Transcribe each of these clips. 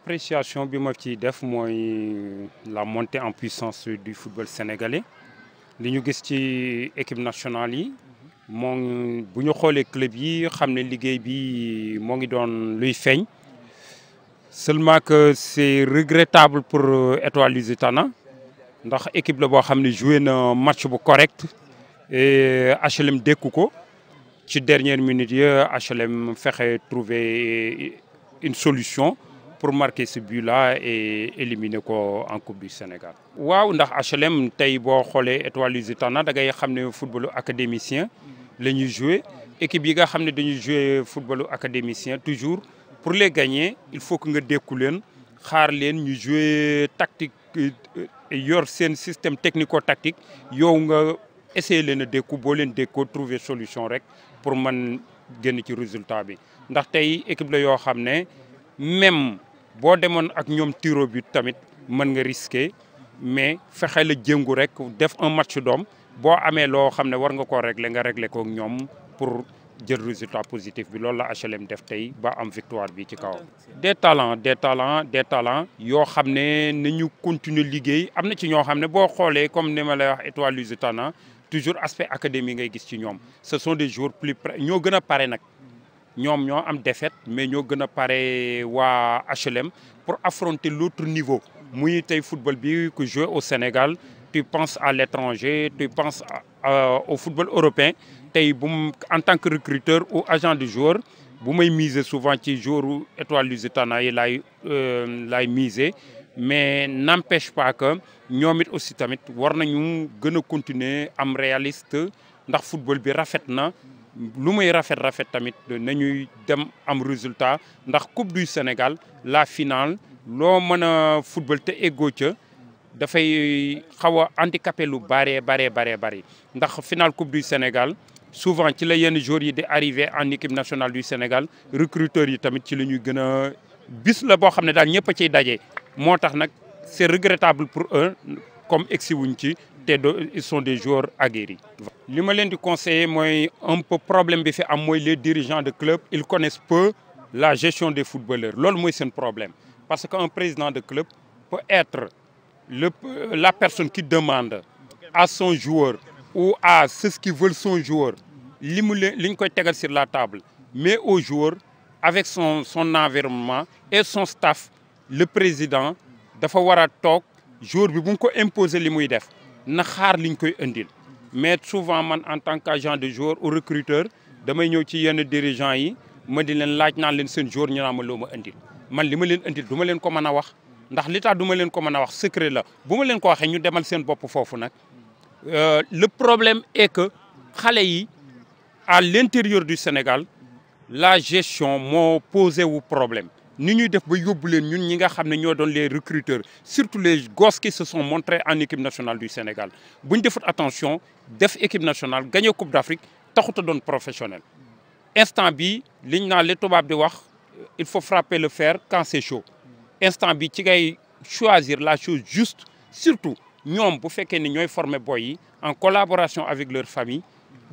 appréciation bi ma ci def mooy la montée en puissance du football sénégalais li ñu gis ci équipe nationale yi moo bu ñu xoolee club yi xam ne liggéey bi moo ngi doon luy feeñ seulement que c'est regrettable pour euh, Étoile Lusitana ndax équipe la boo xam ne joué na match bu correct et HLM euh, dékku ko ci dernière minute yi HLM fexe trouver euh, une solution pour marquer ce but là et ko en coupe du Sénégal. waaw ndax HLM tey boo xoolee Étoile Lusitana da ngay xam ne footballu académicien la ñuy joué équipe yi nga xam ne dañuy joué footballu académicien toujours pour le gagner il faut que nga dékku leen xaar leen ñu joué tactique euh, yor seen système technico tactique yow nga essayer leen a dékku boo leen dékkoo trouver solution rek pour man génn ci résultat bi ndax tey équipe la yoo xam ne même boo demoon ak ñoom tiro bi tamit mën nga risqué mais fexe la jëngu rek def un match doom boo amee loo xam ne war nga koo regle nga régler kook ñoom pour jël résultat positif bi loolu la HLM def tey ba am victoire bi ci kawam. des talents des talents des talents yoo xam ne nañu continuer liggéey am na ci ñoo xam ne boo xoolee comme ni ma lay wax étoile lusitana toujours aspect académique ngay gis ci ñoom ce sont des jours plus près ñoo gën a pare nag. ñoom ñoo am défaite mais ñoo gën a pare waa HLM pour affronter l'autre niveau muy tey football bi ku jouer au Sénégal tu penses à l'étranger tu penses au football européen tey bu en tant que recruteur ou agent du joueur bu may miser souvent ci joueur étoile lusitana yi laay euh, laay miser mais n'empêche pas que ñoom it aussi tamit war nañu gën a continuer am réaliste ndax football bi rafet na lu muy rafet rafet tamit nañuy dem am résultat ndax coupe du Sénégal la finale loo mën a football te eggoo ca dafay xaw a handicapé lu baree baree baree bari ndax finale coupe du Sénégal souvent ci la yenn joueurs yi di arrivé en équipe nationale du Sénégal recruteurs yi tamit ci la ñuy gën a bis la boo xam ne daal ñëpp a ciy daje moo tax nag c'est regrettable pour eux comme egsi wuñ ci te ils sont des joueurs aguerris. li ma leen di conseiller mooy un peu problème bi fi a mooy les dirigeants de club ils connaissent peu la gestion des footballeurs loolu mooy seen problème parce que président de club peut être le la personne qui demande à son joueur ou à ceux qui veulent son joueur li mu leen li ñu koy tegal sur la table mais au joueur avec son son environnement et son staff le président dafa war a toog joueur bi bu mu ko imposer li muy def na xaar liñ koy indil mais souvent man en tant que qu'agent de joueur ou recruteur damay ñëw ci yenn dirigeants yi ma di leen laaj naan leen seen joueur ñu naa ma loo ma man li ma leen indil du ma leen ko mën a wax ndax li tax du ma leen ko mën a wax secret la bu ma leen ko waxee ñu demal seen bopp foofu nag euh, le problème est que xale yi à l'intérieur du Sénégal la gestion moo posé wu problème ni ñuy def ba yóbbu leen ñun ñi nga xam ne ñoo doon les recruteurs surtout les gos qui se sont montrés en équipe nationale du Sénégal bu ñu defut attention def équipe nationale gagné coupe d'Afrique taxut a doon professionnel. instant bi liñ naa le tobaab di wax il faut frapper le fer quand c'est chaud instant bi ci ngay choisir la chose juste surtout ñoom bu fekkee ni ñooy former boy yi en collaboration avec leur famille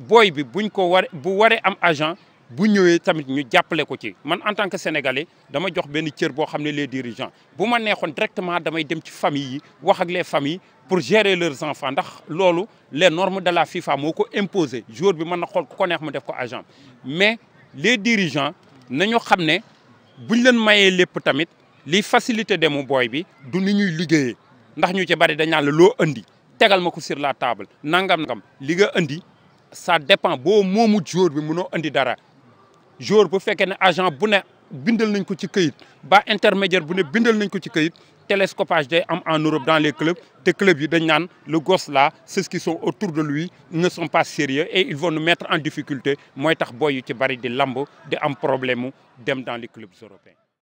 booy bi buñ ko war bu waree am agent. bu ñëwee tamit ñu jàppale ko ci man en tant que sénégalais dama jox benn cër boo xam ne les dirigeants bu ma neexoon directement damay dem ci famille yi wax ak les familles pour gérer leurs enfants ndax loolu les norme de la FIFA moo ko imposé jour bi mën na xool ku ko neex mu def ko agent mais les dirigeants nañu xam ne bu buñ leen maye lépp tamit liy facilité mu booy bi du ni ñuy liggéeyee ndax ñu ci bari dañ naan la loo andi tegal ma ko sur la table nangam nangam li nga andi ça dépend boo moomu jour bi mënoo andi dara jour bu fekkee ne agent bu ne bindal nañ ko ci këyit ba intermédiaire bune ne bindal nañ ko ci këyit télescopage day am en Europe dans les clubs te clubs yi dañ naan le gosse là ceux qui sont autour de lui ne sont pas sérieux et ils vont nous mettre en difficulté mooy tax boy yu ci bari di lamb di am problème mu dem dans les clubs européens